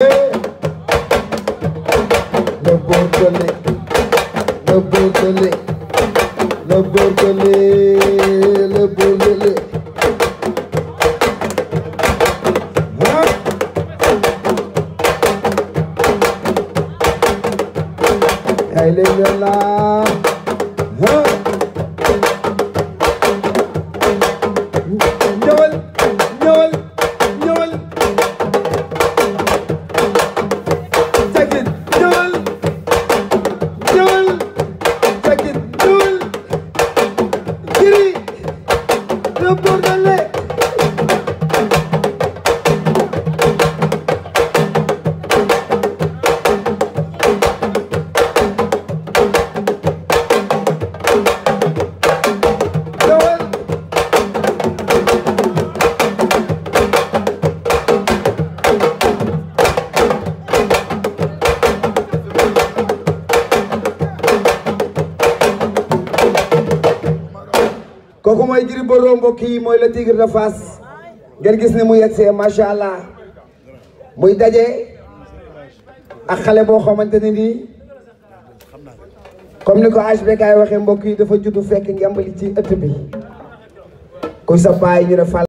Hey, leave your love. Huh? por darle koko moy jiri Bordeaux mbokk moy la tigir na fas ngeen gis ne mu yexé ma sha allah muy daje ak xale bo xamanteni ni comme niko ko HBK waxee mbokk yi dafa juddou fekk ngemb ci eut bi ko sa bay ñu ne Fall